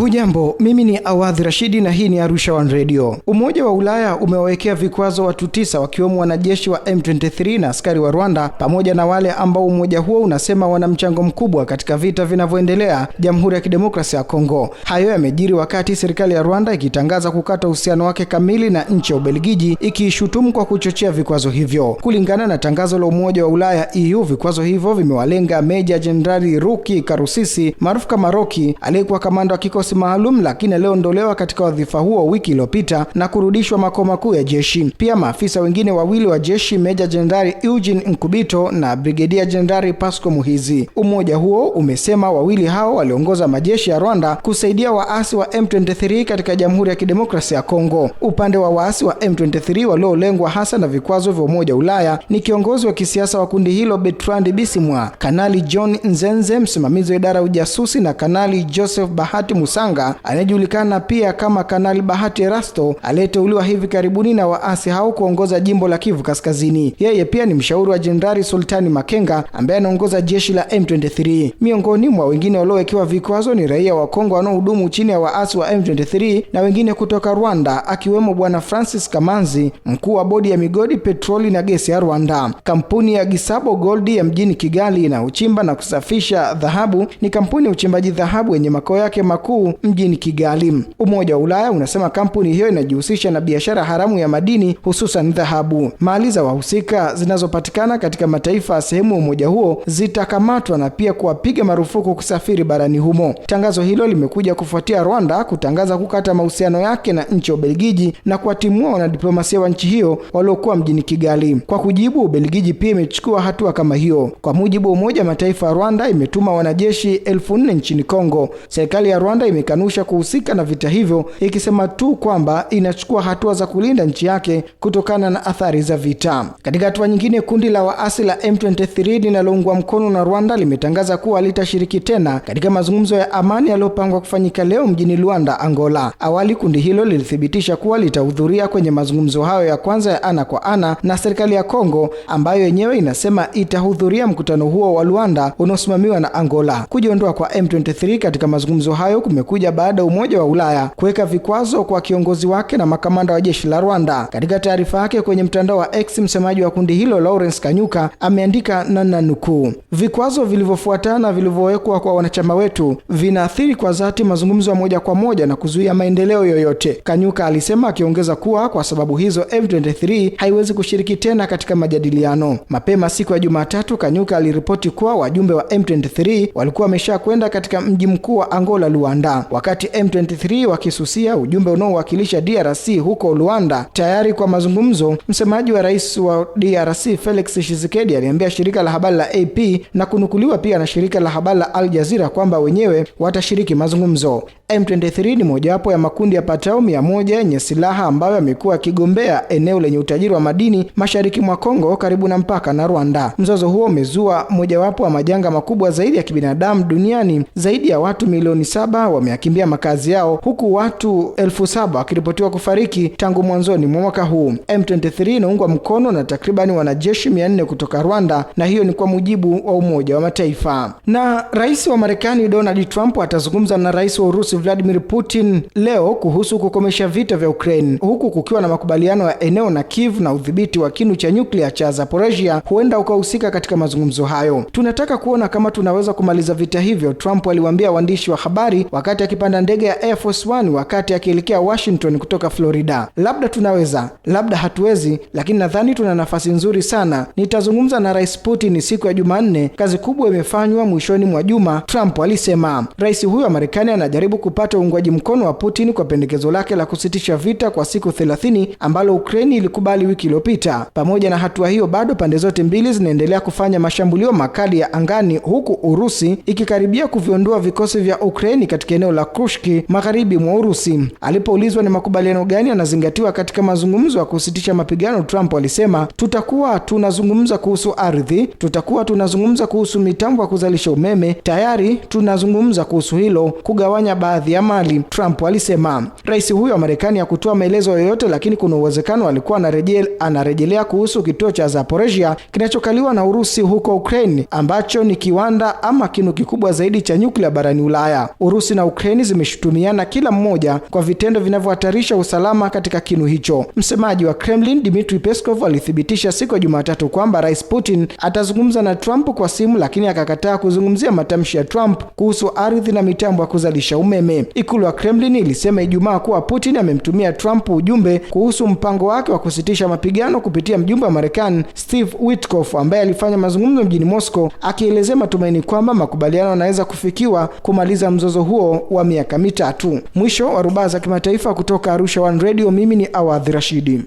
Hujambo, mimi ni Awadhi Rashidi na hii ni Arusha One Radio. Umoja wa Ulaya umewawekea vikwazo watu tisa wakiwemo wanajeshi wa M23 na askari wa Rwanda pamoja na wale ambao umoja huo unasema wana mchango mkubwa katika vita vinavyoendelea Jamhuri ya Kidemokrasia ya Kongo. Hayo yamejiri wakati serikali ya Rwanda ikitangaza kukata uhusiano wake kamili na nchi ya Ubelgiji ikiishutumu kwa kuchochea vikwazo hivyo. Kulingana na tangazo la Umoja wa Ulaya EU, vikwazo hivyo vimewalenga Meja Jenerali Ruki Karusisi maarufu kama Roki, aliyekuwa kamanda wa kikosi kikosi maalum, lakini aliondolewa katika wadhifa huo wiki iliyopita na kurudishwa makao makuu ya jeshi. Pia maafisa wengine wawili wa jeshi, Meja Jenerali Eugene Nkubito na Brigedia Jenerali Pasco Muhizi. Umoja huo umesema wawili hao waliongoza majeshi ya Rwanda kusaidia waasi wa M23 katika Jamhuri ya Kidemokrasia ya Kongo. Upande wa waasi wa M23 waliolengwa hasa na vikwazo vya Umoja wa Ulaya ni kiongozi wa kisiasa wa kundi hilo Bertrand Bisimwa, Kanali John Nzenze, msimamizi wa idara ya ujasusi na Kanali Joseph Bahati Musa Sanga anayejulikana pia kama Kanali Bahati Erasto aliyeteuliwa hivi karibuni na waasi hao kuongoza jimbo la Kivu Kaskazini. Yeye pia ni mshauri wa Jenerali Sultani Makenga ambaye anaongoza jeshi la M23. Miongoni mwa wengine waliowekewa vikwazo ni raia wa Kongo wanaohudumu chini ya waasi wa M23 na wengine kutoka Rwanda, akiwemo Bwana Francis Kamanzi, mkuu wa bodi ya migodi, petroli na gesi ya Rwanda. Kampuni ya Gisabo Gold ya mjini Kigali inayochimba na kusafisha dhahabu ni kampuni ya uchimbaji dhahabu yenye makao yake makuu mkuu mjini Kigali. Umoja wa Ulaya unasema kampuni hiyo inajihusisha na biashara haramu ya madini, hususan dhahabu. Mali za wahusika zinazopatikana katika mataifa ya sehemu ya umoja huo zitakamatwa na pia kuwapiga marufuku kusafiri barani humo. Tangazo hilo limekuja kufuatia Rwanda kutangaza kukata mahusiano yake na nchi ya Ubelgiji na kuwatimua wanadiplomasia wa nchi hiyo waliokuwa mjini Kigali. Kwa kujibu, Ubelgiji pia imechukua hatua kama hiyo. Kwa mujibu wa Umoja wa Mataifa, Rwanda imetuma wanajeshi elfu nne nchini Kongo. Serikali ya Rwanda Rwanda imekanusha kuhusika na vita hivyo ikisema tu kwamba inachukua hatua za kulinda nchi yake kutokana na athari za vita. Katika hatua nyingine, kundi la waasi la M23 linaloungwa mkono na Rwanda limetangaza kuwa litashiriki tena katika mazungumzo ya amani yaliyopangwa kufanyika leo mjini Luanda, Angola. Awali kundi hilo lilithibitisha kuwa litahudhuria kwenye mazungumzo hayo ya kwanza ya ana kwa ana na serikali ya Kongo ambayo yenyewe inasema itahudhuria mkutano huo wa Luanda unaosimamiwa na Angola. Kujiondoa kwa M23 katika mazungumzo hayo kumekuja baada ya Umoja wa Ulaya kuweka vikwazo kwa kiongozi wake na makamanda wa jeshi la Rwanda. Katika taarifa yake kwenye mtandao wa X, msemaji wa kundi hilo Lawrence Kanyuka ameandika na nanukuu, vikwazo vilivyofuatana vilivyowekwa kwa wanachama wetu vinaathiri kwa dhati mazungumzo ya moja kwa moja na kuzuia maendeleo yoyote, Kanyuka alisema, akiongeza kuwa kwa sababu hizo M23 haiwezi kushiriki tena katika majadiliano. Mapema siku ya Jumatatu, Kanyuka aliripoti kuwa wajumbe wa M23 walikuwa wameshakwenda kwenda katika mji mkuu wa Angola Luanda Luanda, wakati M23 wakisusia ujumbe unaowakilisha DRC huko Luanda tayari kwa mazungumzo. Msemaji wa rais wa DRC Felix Tshisekedi aliambia shirika la habari la AP na kunukuliwa pia na shirika la habari la Al Jazeera kwamba wenyewe watashiriki mazungumzo. M23 ni mojawapo ya makundi ya patao mia moja yenye silaha ambayo yamekuwa yakigombea eneo lenye utajiri wa madini mashariki mwa Kongo karibu na mpaka na Rwanda. Mzozo huo umezua mojawapo wa majanga makubwa zaidi ya kibinadamu duniani. Zaidi ya watu milioni saba wameakimbia makazi yao huku watu elfu saba wakiripotiwa kufariki tangu mwanzoni mwa mwaka huu. M23 inaungwa mkono na takribani wanajeshi 400 kutoka Rwanda, na hiyo ni kwa mujibu wa Umoja wa Mataifa. Na rais wa Marekani Donald Trump atazungumza na rais wa Urusi Vladimir Putin leo kuhusu kukomesha vita vya Ukraine, huku kukiwa na makubaliano ya eneo na Kiev na udhibiti wa kinu cha nyuklia cha Zaporizhia huenda ukahusika katika mazungumzo hayo. Tunataka kuona kama tunaweza kumaliza vita hivyo, Trump aliwaambia waandishi wa habari wakati akipanda ndege ya Air Force One wakati akielekea Washington kutoka Florida. Labda tunaweza, labda hatuwezi, lakini nadhani tuna nafasi nzuri sana. Nitazungumza na Rais Putin siku ya Jumanne. Kazi kubwa imefanywa mwishoni mwa juma, Trump alisema. Rais huyo wa Marekani anajaribu kupata uungwaji mkono wa Putin kwa pendekezo lake la kusitisha vita kwa siku 30 ambalo Ukraini ilikubali wiki iliyopita. Pamoja na hatua hiyo, bado pande zote mbili zinaendelea kufanya mashambulio makali ya angani, huku Urusi ikikaribia kuviondoa vikosi vya Ukraini katika eneo la Krushki magharibi mwa Urusi. Alipoulizwa ni makubaliano gani yanazingatiwa katika mazungumzo ya kusitisha mapigano, Trump alisema, tutakuwa tunazungumza kuhusu ardhi, tutakuwa tunazungumza kuhusu mitambo ya kuzalisha umeme, tayari tunazungumza kuhusu hilo, kugawanya baadhi baadhi ya mali. Trump alisema rais huyo wa Marekani hakutoa maelezo yoyote, lakini kuna uwezekano alikuwa anarejea anarejelea kuhusu kituo cha Zaporizhia kinachokaliwa na Urusi huko Ukraine, ambacho ni kiwanda ama kinu kikubwa zaidi cha nyuklia barani Ulaya. Urusi na Ukraine zimeshutumiana kila mmoja kwa vitendo vinavyohatarisha usalama katika kinu hicho. Msemaji wa Kremlin Dmitry Peskov alithibitisha siku ya Jumatatu kwamba Rais Putin atazungumza na Trump kwa simu, lakini akakataa kuzungumzia matamshi ya Trump kuhusu ardhi na mitambo ya kuzalisha umeme umeme. Ikulu ya Kremlin ilisema Ijumaa kuwa Putin amemtumia Trump ujumbe kuhusu mpango wake wa kusitisha mapigano kupitia mjumbe wa Marekani Steve Witkoff ambaye alifanya mazungumzo mjini Moscow akielezea matumaini kwamba makubaliano yanaweza kufikiwa kumaliza mzozo huo wa miaka mitatu. Mwisho wa rubaa za kimataifa kutoka Arusha One Radio, mimi ni Awadhi Rashidi.